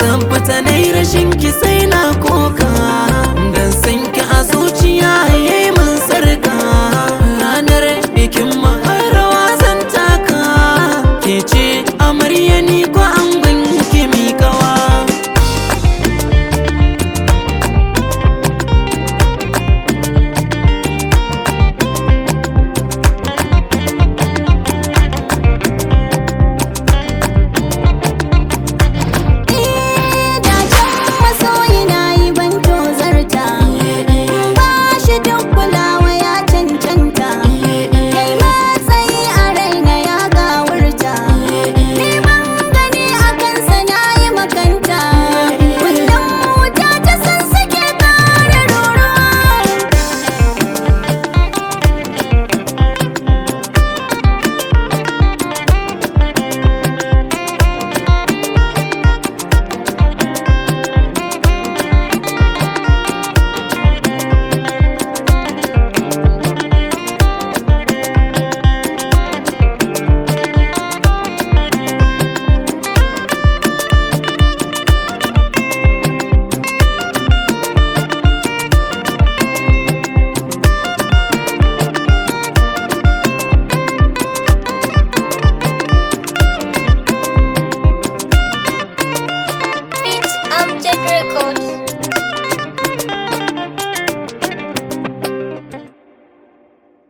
Matan fita rashin ki sai na koka yours.